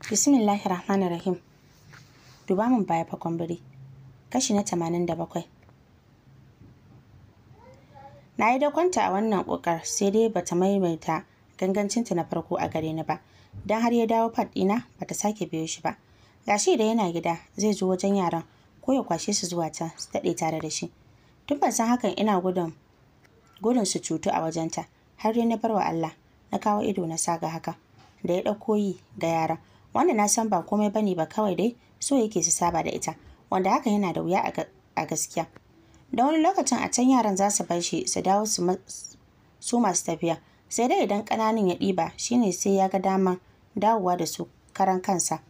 Bismillahi Rahmanir Rahim. Duba min baya fa biri. Kashi na 87. Na yi dakonta a wannan kokar sai dai bata maimaita gangancinta na farko a gare ni ba. Dan har ya dawo fat ɗina bata sake biyo shi ba. Gashi da yana gida zai zo wajen yaran ko ya kwashe su zuwa ta su daɗe tare da shi. Tun ban san hakan ina gudun su cutu a wajenta har dai na barwa Allah na kawo ido na saga haka da ya ɗauko yi ga yaran wanda na san ba komai bane ba kawai dai so yake su saba da ita wanda haka yana da wuya a gaskiya da wani lokacin a can yaran za su bar shi su dawo su masu tafiya sai dai idan ƙananan ya ɗiba shine sai ya ga dama dawowa da su karan kansa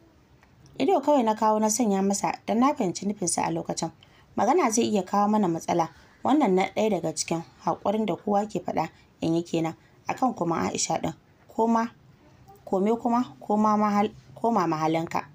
ido kawai na kawo na sanya masa don na fahimci nufinsa a lokacin magana zai iya kawo mana matsala wannan na ɗaya daga cikin haƙurin da kowa ke faɗa in yi kenan akan kuma aisha ɗin koma kome kuma koma mahal koma mahalinka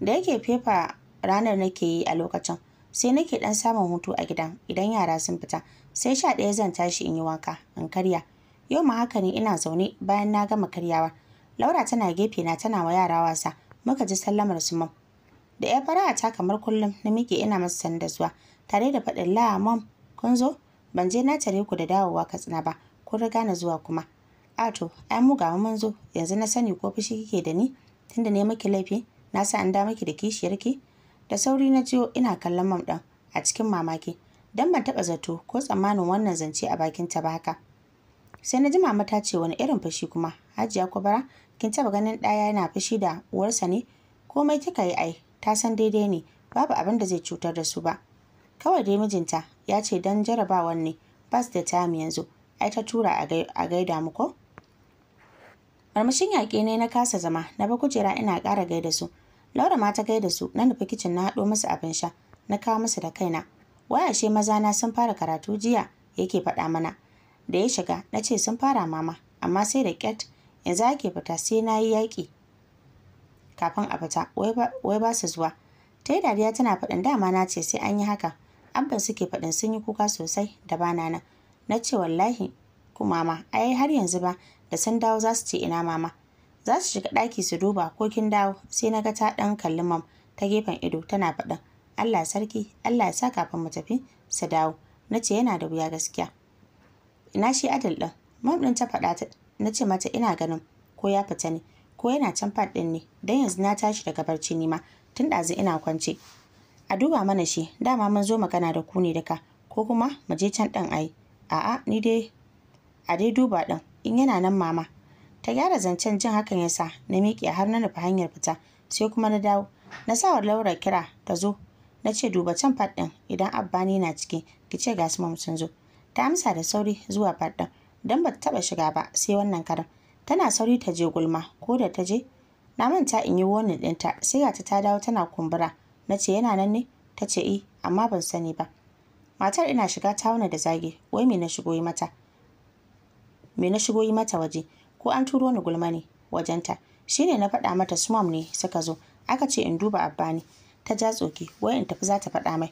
da yake fefa ranar nake yi a lokacin sai nake dan samun hutu a gidan idan yara sun fita sai sha ɗaya zan tashi in yi wanka in karya yau ma haka ne ina zaune bayan na gama karyawa laura tana gefe na tana wa yara wasa muka ji sallamar su mam da ya fara ta kamar kullum na miƙe ina masa sanda zuwa tare da faɗin la mam kun zo ban je na tare ku da dawowa katsina ba kun riga na zuwa kuma ato ai mu ga mun zo yanzu na sani ko fushi kike da ni tunda ne maki laifi na sa an da miki da kishiyarki da sauri na jiyo ina kallon mam ɗin a cikin mamaki don ban taɓa zato ko tsammanin wannan zance a bakin ta ba haka sai na ji mama ta ce wani irin fashi kuma hajiya kubara kin taɓa ganin ɗaya yana fashi da uwarsa ne komai kika yi ai ta san daidai ne babu abin da zai cutar da su ba kawai dai mijinta ya ce don jarabawan ne ba su da tam yanzu ai ta tura a gaida mu ko Marmashin yaƙi ne na kasa zama, na ba kujera ina ƙara gaida su. Laura ma ta gaida su, na nufi kicin na haɗo musu abin sha, na kawo musu da kaina. ashe maza na sun fara karatu jiya, yake faɗa mana. Da ya shiga, na ce sun fara mama, amma sai da ƙyat, yanzu ake fita sai na yi yaƙi. Kafin a fita, wai ba su zuwa. Ta yi dariya tana faɗin dama na ce sai an yi haka. Abban suke faɗin sun yi kuka sosai da bana nan. Na ce wallahi, kumama. mama, ai har yanzu ba, da sun dawo za su ce ina mama za su shiga ɗaki su duba ko kin dawo sai na ga ta ɗan kalli mam ta gefen ido tana faɗin Allah sarki Allah ya sa kafin mu tafi su dawo na ce yana da wuya gaskiya ina shi adal ɗin mam ɗin ta faɗa ta na ce mata ina ganin ko ya fita ne ko yana can fat ɗin ne don yanzu na tashi daga barci ni tun ɗazu ina kwance a duba mana shi dama mun zo magana da ku ne duka ko kuma mu je can ɗin ayi a'a ni dai a dai duba ɗin in yana nan mama ta gyara zancen jin hakan yasa na miƙe har na nufi hanyar fita sai kuma na dawo na sa wa laura kira ta zo na ce duba can fat ɗin idan abba ni na ciki ki ce gasu mamu sun zo ta amsa da sauri zuwa fat ɗin don ba ta taɓa shiga ba sai wannan karan tana sauri ta je gulma ko da ta je na manta in yi wani ɗinta sai ga ta ta dawo tana kumbura na ce yana nan ne ta ce i eh, amma ban sani ba matar ina shiga ta da zage wai me na shigo yi mata me na shigo yi mata waje ko an turo ni gulma ne wajenta shine na faɗa mata sumam ne suka zo aka ce in duba abba ne ta ja tsoki wai in tafi za ta faɗa mai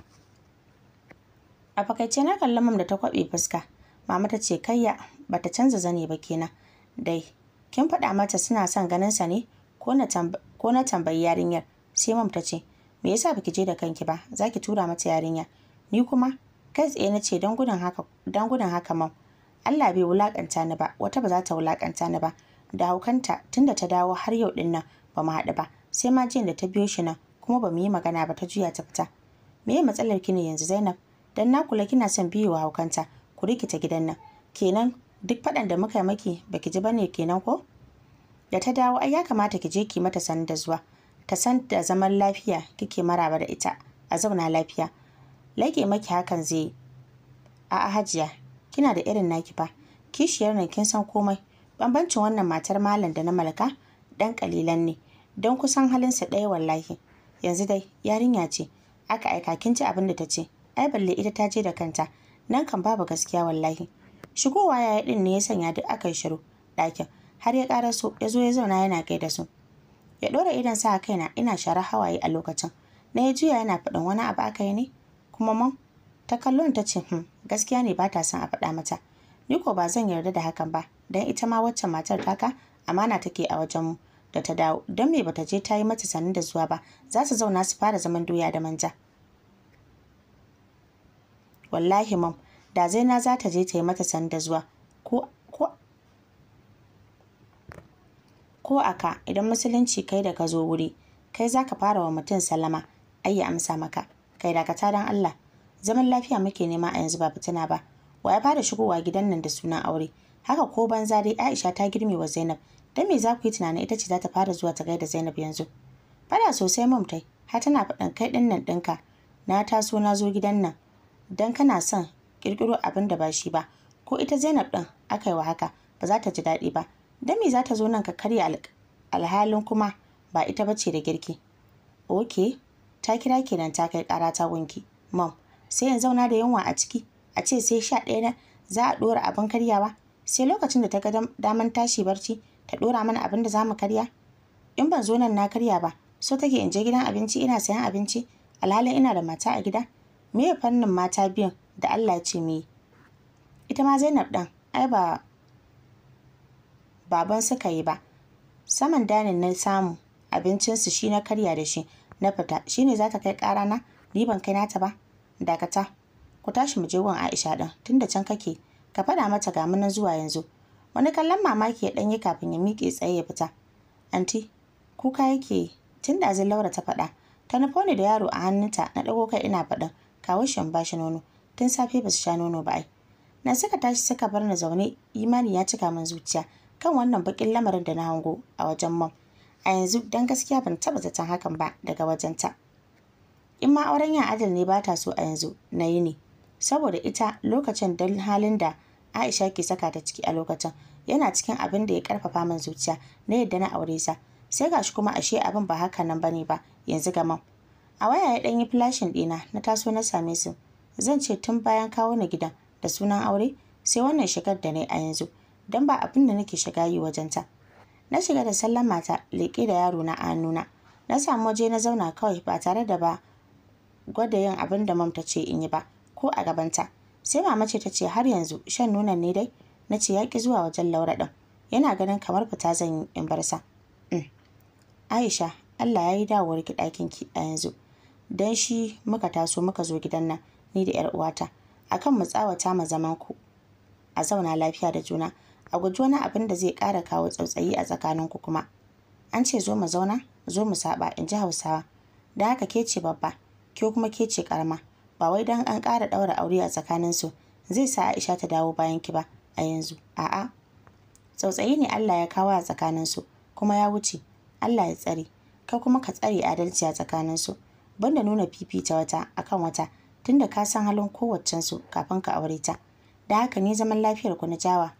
a fakaice na kalli mam da ta kwaɓe fuska mama ta ce kayya ta canza zane ba kenan dai kin faɗa mata suna son ganin sa ne ko na tambayi yarinyar sai mam ta ce me yasa baki je da kanki ba zaki tura mata yarinya ni kuma kai tsaye na ce don gudun haka mam Allah bai wulakanta ni ba wata ba za ta wulakanta ni ba da haukanta tunda ta dawo har yau din nan ba mu haɗu ba sai ma jiyan da ta biyo shi nan kuma ba mu yi magana ba ta juya ta fita me matsalar ki ne yanzu Zainab dan na kula kina son biyo wa haukanta ku rikita gidan nan kenan duk faɗan da muka maki baki ji ba ne kenan ko da ta dawo ai ya kamata ki je ki mata sanin da zuwa ta san da zaman lafiya kike maraba da ita a zauna lafiya lake maki hakan zai A'a hajiya kina da irin naki fa kishiyar nan kin san komai bambancin wannan matar malam da na malaka dan kalilan ne don kusan halinsa ɗaya wallahi yanzu dai yarinya ce aka aika kin ci abin da ta ce ai balle ita ta je da kanta nan kan babu gaskiya wallahi shigowa yaya din ne ya sanya duk aka yi shiru ɗakin har ya ƙara so ya zo ya zauna yana kai da su ya ɗora idan sa a kaina ina shara hawaye a lokacin na ya juya yana faɗin wani abu aka yi ne kuma man ta kallon ta ce hmm gaskiya ne ba ta son a faɗa mata ni ko ba zan yarda da hakan ba don ita ma waccan matar taka amana take a wajenmu da ta dawo don me bata je ta yi mata sanin da zuwa ba za su zauna su fara zaman doya da manja wallahi mam da zaina za ta je ta yi mata sanin da zuwa ko ko ko aka idan musulunci kai da ka zo wuri kai za ka fara wa mutum salama ai amsa maka kai dakata dan Allah zaman lafiya muke nema a yanzu ba fitina ba wa ya fara shigowa gidan nan da sunan aure haka ko banza dai Aisha ta girme wa Zainab dan me za ku yi tunanin ita ce za ta fara zuwa ta gaida Zainab yanzu fara sosai mum tai har tana faɗin kai ɗin nan ɗinka na taso na zo gidan nan dan kana son kirkiro abin da ba shi ba ko ita Zainab din? aka yi wa haka ba za ta ji daɗi ba dan me za ta zo nan ka karya alhalin kuma ba ita bace da girki okay ta kira kenan ta kai ƙara ta gunki mom sai in zauna da yunwa a ciki a ce sai sha ɗaya na za a ɗora abin karyawa sai lokacin da ta ga daman tashi barci ta ɗora mana abin da za mu karya in ban zo nan na karya ba so take in je gidan abinci ina sayan abinci alhalin ina da mata a gida me ya fannin mata biyan da Allah ce me ita ma Zainab ɗan ai ba baban suka yi ba saman danin na samu abincinsu shi na karya da shi na fita shine za ta kai ƙara na ni ban kai nata ba dakata ku tashi mu je wan Aisha din tunda can kake ka faɗa mata ga munan zuwa yanzu wani kallon mamaki ya ɗanye kafin ya miƙe tsaye ya fita anti kuka yake yi zai laura ta faɗa ta nufo ni da yaro a hannunta na dago kai ina faɗin kawo shi ba shi nono tun safe ba su sha nono ba ai na suka tashi suka bar ni zaune imani ya cika min zuciya kan wannan bakin lamarin da na hango a wajen mam a yanzu dan gaskiya ban taɓa zaton hakan ba daga wajenta in ma auren ya adal ne ba ta so a yanzu na yi ne saboda ita lokacin don halin da aisha ke saka ta ciki a lokacin yana cikin abin da ya karfafa min zuciya na yadda na aure sa sai gashi kuma ashe abin ba haka nan bane ba yanzu gama a waya ya ɗanyi flashin ɗina na taso na same su zan ce tun bayan kawo ni gidan da sunan aure sai wannan shigar da na yi a yanzu don ba abin da nake shiga yi wajen ta. na shiga da sallan mata leƙe da yaro na a hannuna na samu waje na zauna kawai ba tare da ba gwada yin abin da mam ta ce in yi ba ko a gabanta sai mama ce ta ce har yanzu shan nonon ne dai na ce ya zuwa wajen laura ɗin yana ganin kamar fita zan yi in bar sa mm. aisha allah ya yi dawowar ki ɗakin ki a yanzu dan shi muka taso muka zo gidan nan ni da yar uwata akan mu tsawata ma zaman ku a zauna lafiya da juna a guji wani abin da zai ƙara kawo tsautsayi a tsakanin ku kuma an ce zo mu zauna zo mu saɓa, in ji hausawa da haka ke ce babba ke kuma ke ce karama ba wai dan an ƙara ɗaura aure a tsakaninsu zai sa Aisha ta dawo bayan ki ba a yanzu a'a tsautsayi ne Allah ya kawo a tsakaninsu kuma ya wuce Allah ya tsare kai kuma ka tsare adalci a tsakaninsu banda nuna fifita wata akan wata tunda ka san halin kowaccensu kafin ka aure ta da haka ne zaman lafiyar ku na jawa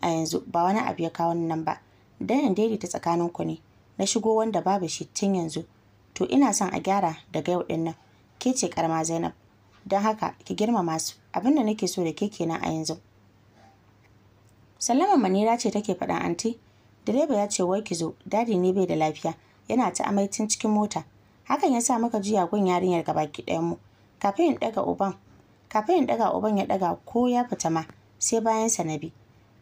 a yanzu ba wani abu ya kawo nan ba dan in daidaita tsakanin ku ne na shigo wanda babu shi tun yanzu to ina son a gyara daga yau ɗinnan nan ke ce karma zainab don haka ki girmama su abin da nake so da ke kenan a yanzu sallama manira ce take faɗa anti direba ya ce wai ki zo dadi ne bai da lafiya yana ta amai cikin mota hakan ya sa muka juya gun yarinyar gaba ki ɗayan mu kafin in ɗaga uban kafin in ɗaga uban ya ɗaga ko ya fita ma sai bayan sa na bi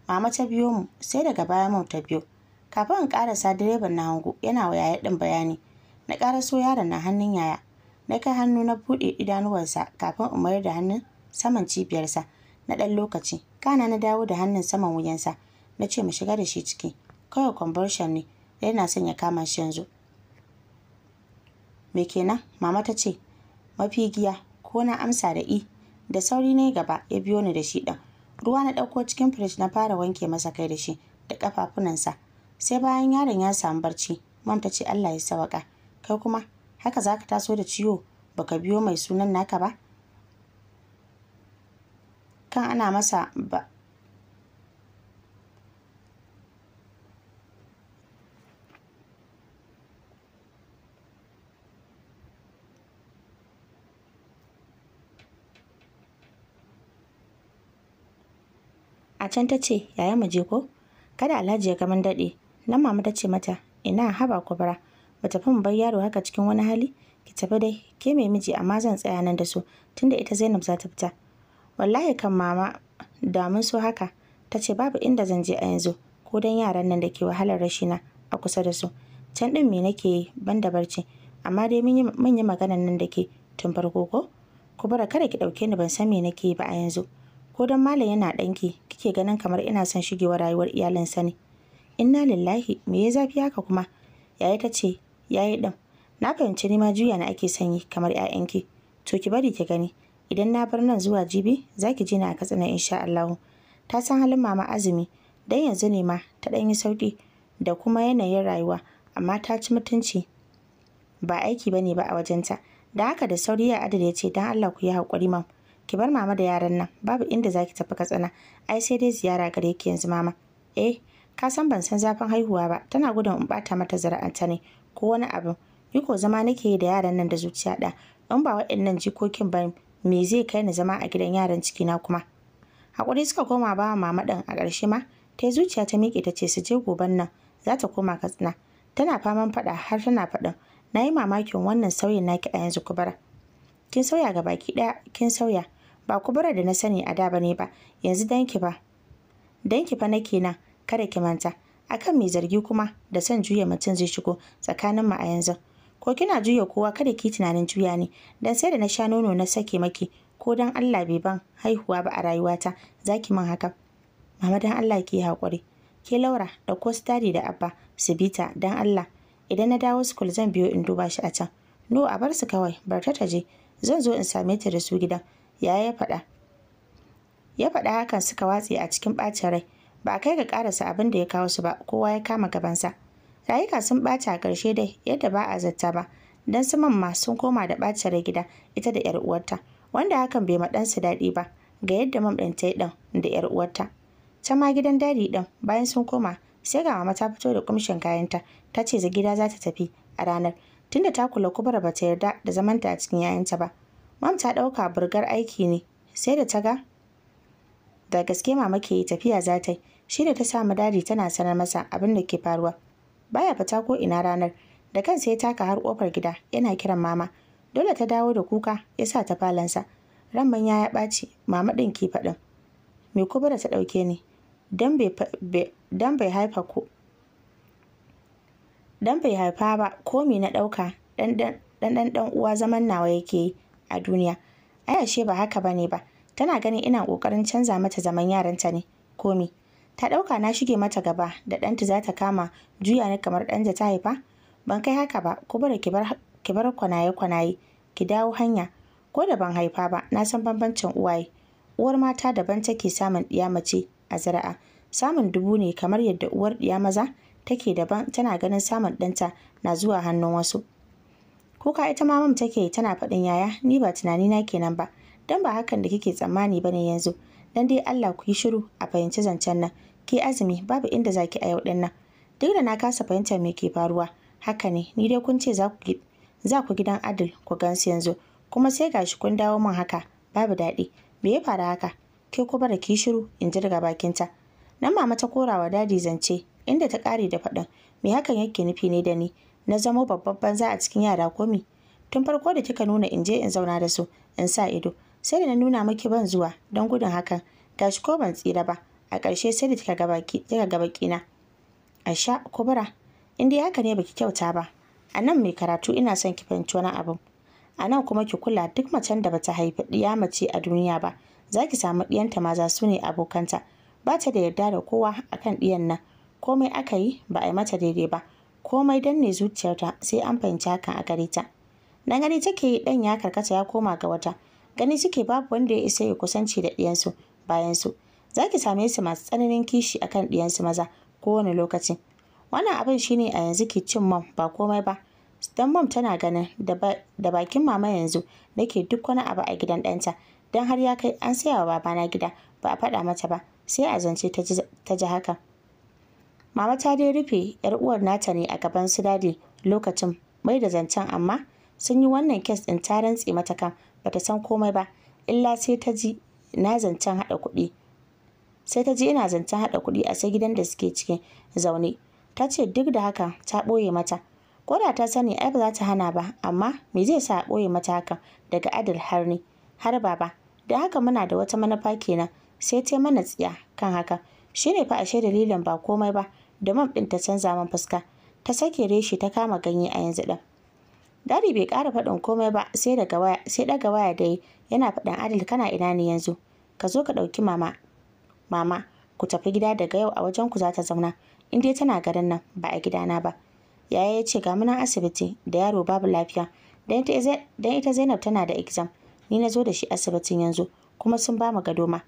mama ta biyo mu sai daga baya mu ta biyo kafin in ƙarasa direban na hango yana wa yaya ɗin bayani na so yaron na hannun yaya na kai hannu na buɗe idanuwarsa kafin in mayar da hannun saman cibiyarsa na ɗan lokaci kana na dawo da hannun saman wuyansa na ce mu shiga da shi ciki kawai convulsion ne da yana son ya kama shi yanzu me kenan mama ta ce mafi giya, ko na amsa da i da sauri ne gaba ya biyo ni da shi ɗin ruwa na ɗauko cikin firij na fara wanke masa kai da shi da ƙafafunansa sai bayan yaron ya samu barci mam ta ce allah ya sawaka kai kuma haka za ka taso da ciwo baka biyo mai sunan naka ba kan ana masa ba a can ta ce yaya mu je ko kada alhaji ya ga mun daɗe nan mamu ta ce mata ina haba kubura ba fi mu bar yaro haka cikin wani hali ki tafi dai ke mai miji amma zan tsaya nan da su tunda ita Zainab za ta fita wallahi kan mama da mun so haka ta ce babu inda zan je a yanzu ko dan yaran nan da ke wahalar rashina a kusa da su can din me nake yi ban da barci amma dai mun yi maganan nan da ke tun farko ko ku bara kada ki ɗauke ni ban san me nake yi ba a yanzu ko dan malam yana ɗanki kike ganin kamar ina son shigewa rayuwar iyalinsa ne inna lillahi me ya zafi haka kuma yaya ta ce yayi ɗan na fahimci nima juya na ake sanyi kamar 'ya'yanki to ki bari ki gani idan na bar nan zuwa jibi zaki ki ji na a katsina insha allahu ta san halin mama azumi dan yanzu ne ma ta ɗan yi sauƙi da kuma yanayin rayuwa amma ta ci mutunci ba aiki bane ba a wajenta da haka da sauri ya adada ya ce dan Allah ku yi haƙuri mam ki bar mama da yaran nan babu inda zaki tafi katsina ai sai dai ziyara gare ki yanzu mama eh ka san ban san zafin haihuwa ba tana gudun in bata mata zara'anta ne ko wani abin ni ko zama nake yi da yaran nan da zuciya ɗaya in ba waɗannan jikokin ba me zai kai ni zama a gidan yaran ciki na kuma hakuri suka koma ba mama ɗin a ƙarshe ma tai zuciya ta miƙe ta ce su je goban nan za ta koma katsina tana faman faɗa har tana faɗin na yi mamakin wannan sauyin naki a yanzu kubara kin sauya ga baki ɗaya kin sauya ba kubara da na sani a da ba ne ba yanzu danki ba danki fa nake nan kada ki manta akan mai zargi kuma da son juya mutum zai shigo tsakanin mu a yanzu ko kina juya kowa kada ki tunanin juya ne dan sai da na sha nono na sake maki ko dan Allah bai ban haihuwa ba a rayuwata zaki min haka mama dan Allah ki hakuri ke Laura da ko stari da Abba su bita dan Allah idan na dawo school zan biyo in duba shi a can no a bar su kawai bar ta je zan zo in same ta da su gidan yaya ya faɗa ya faɗa hakan suka watse a cikin ɓacin rai ba a kai ga karasa abin da ya kawo su ba kowa ya kama gabansa rayuka sun ɓaci a ƙarshe dai yadda ba a zata ba dan su mamma sun koma da rai gida ita da yar uwarta wanda hakan bai ma ɗansu daɗi ba ga yadda mam ɗin ta yi ɗan da yar uwarta ta ma gidan dadi ɗin bayan sun koma sai ga mama ta fito da kumshin kayanta ta ce za gida za ta tafi a ranar tunda ta kula kubar ba ta yarda da zamanta a cikin yayanta ba mam ta ɗauka burgar aiki ne sai da ta ga da gaske mama ke tafiya za ta yi shi da ta samu dadi tana sanar masa abin da ke faruwa baya fita ko ina ranar da kansa ya taka har kofar gida yana kiran mama dole ta dawo da kuka ya sa ta falansa ran ya ya ɓaci mama ɗin ki faɗin me kubura ta ɗauke ni dan bai haifa ko dan bai haifa ba komi na ɗauka ɗan ɗan uwa zaman nawa yake yi a duniya ai ashe ba haka bane ba tana ganin ina kokarin canza mata zaman yaranta ne komi ta ɗauka na shige mata gaba da ɗanta za ta kama juya ni kamar ɗanta ta haifa ban kai haka ba ku bari ki bar kwanaye kwanaye ki dawo hanya ko da ban haifa ba na san bambancin uwaye uwar mata daban take samun ɗiya mace a zara'a samun dubu ne kamar yadda uwar ɗiya maza take daban tana ganin samun ɗanta na zuwa hannun wasu kuka ita ma mam take tana faɗin yaya ni ba tunani na kenan ba dan ba hakan da kike tsammani ba ne yanzu dan dai Allah ku yi shiru a fahimci zancen nan ke azumi babu inda zaki a yau din nan duk da na kasa fahimtar me ke faruwa haka ne ni dai kun ce za ku za ku gidan adil ku gansu yanzu kuma sai gashi kun dawo min haka babu daɗi me ya faru haka ke ku bara ki shiru in ji daga ta nan mama ta korawa dadi zance inda ta kare da faɗin me hakan yake nufi ne da ni na zamo babban banza a cikin yara komi? tun farko da kika nuna in je in zauna da su in sa ido sai da na nuna miki ban zuwa don gudun hakan ga shi ko ban tsira ba a ƙarshe sai da kika ga baki na asha kubura in dai haka ne baki kyauta ba a nan mai karatu ina son ki fahimci wani abu a nan kuma ki kula duk macen da bata haifi ɗiya mace a duniya ba za ki samu ɗiyanta maza su ne abokanta ba ta da yarda da kowa akan ɗiyan nan komai aka yi ba a yi mata daidai ba komai ne zuciyarta sai an fahimci hakan a gare ta dangane take yi ɗan ya karkata ya koma ga wata gani suke babu wanda ya isa ya kusanci da ɗiyansu bayansu. su za ki same su masu tsananin kishi akan ɗiyansu maza kowane lokaci wannan abin shine a yanzu ke cin mom ba komai ba don mom tana ganin da bakin mama yanzu nake duk wani abu a gidan ɗanta don har ya kai an saya wa babana gida ba a faɗa mata ba sai a zance ta ji haka mama ta dai rufe yar uwar nata ne a gaban su dadi lokacin mai da zancen amma sun yi wannan kes ɗin ta rantse mata kan bata san komai ba illa sai ta ji na zancen haɗa kuɗi sai ta ji ina zancen haɗa kuɗi a sai gidan da suke cikin zaune ta ce duk da haka ta ɓoye mata ko da ta sani ai ba za ta hana ba amma me zai sa a ɓoye mata haka daga adal har ni har baba da haka muna da wata manufa kenan sai ta mana tsiya kan haka shine ne fa ashe dalilin ba komai ba da mam ɗin ta canza man fuska ta sake reshe ta kama ganye a yanzu ɗin Dadi bai ƙara faɗin komai ba sai daga waya sai daga waya dai yana faɗin Adil kana ina ne yanzu? Ka zo ka ɗauki mama. Mama ku tafi gida daga yau a wajen ku za ta zauna in dai tana garin nan ba a gidana ba. Yaya ya ce ga asibiti da yaro babu lafiya dan ita Zainab tana da exam ni na zo da shi asibitin yanzu kuma sun ba mu gado ma.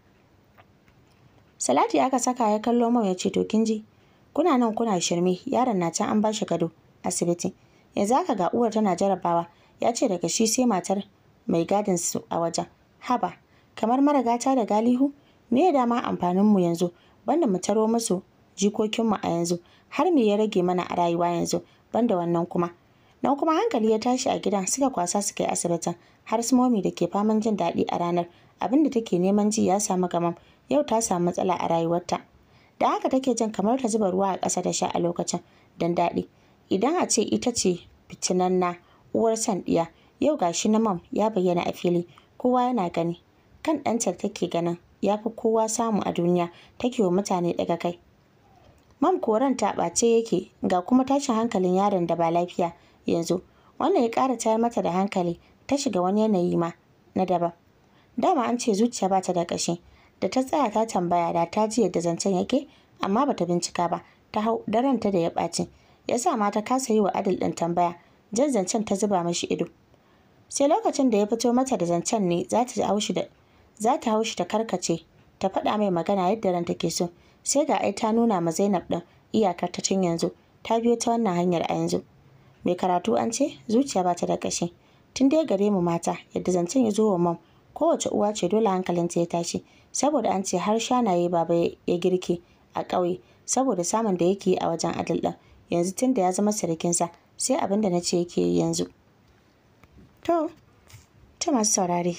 Salatu ya aka saka ya kallo mau ya ce to kin ji kuna nan kuna shirme yaron na can an ba shi gado asibiti. yanzu haka ga uwar tana jarabawa ya ce daga shi sai matar mai gadin su a wajen haba kamar mara gata da galihu me ya dama amfanin mu yanzu banda mu taro musu jikokinmu a yanzu har me ya rage mana a rayuwa yanzu banda wannan kuma nan kuma hankali ya tashi a gidan suka kwasa suka yi asibitin har su momi da ke faman jin daɗi a ranar abin da take neman ji ya samu gamam yau ta samu matsala a rayuwarta da haka take jin kamar ta zuba ruwa a ƙasa da sha a lokacin don daɗi idan a ce ita ce fitinanna uwar san ɗiya yau gashi na mam ya bayyana a fili kowa yana gani kan ɗanta take ganin ya fi kowa samu a duniya take wa mutane daga kai mam koran ta ɓace yake ga kuma tashin hankalin yaron da ba lafiya yanzu wannan ya ƙara tayar mata da hankali ta shiga wani yanayi ma na daban dama an ce zuciya ba ta da ƙashi da ta tsaya ta tambaya da ta ji yadda zancen yake amma ba ta bincika ba ta hau daranta da ya ɓaci ya sa mata kasa yi wa adal ɗin tambaya jan zancen ta zuba mashi ido sai lokacin da ya fito mata da zancen ne za ta haushi da ta karkace ta faɗa mai magana yadda ran take so sai ga ai ta nuna ma Zainab ɗin iyakar ta tun yanzu ta biyo ta wannan hanyar a yanzu mai karatu an ce zuciya ba ta da kashi tun dai gare mu mata yadda zancen ya zo wa mam kowace uwa ce dole hankalin ta ya tashi saboda an ce har shanaye baba ya girke a ƙauye saboda samun da yake a wajen adal ɗin yanzu tun da ya zama sarkinsa sai abin da na ce yake yanzu to ta masu saurare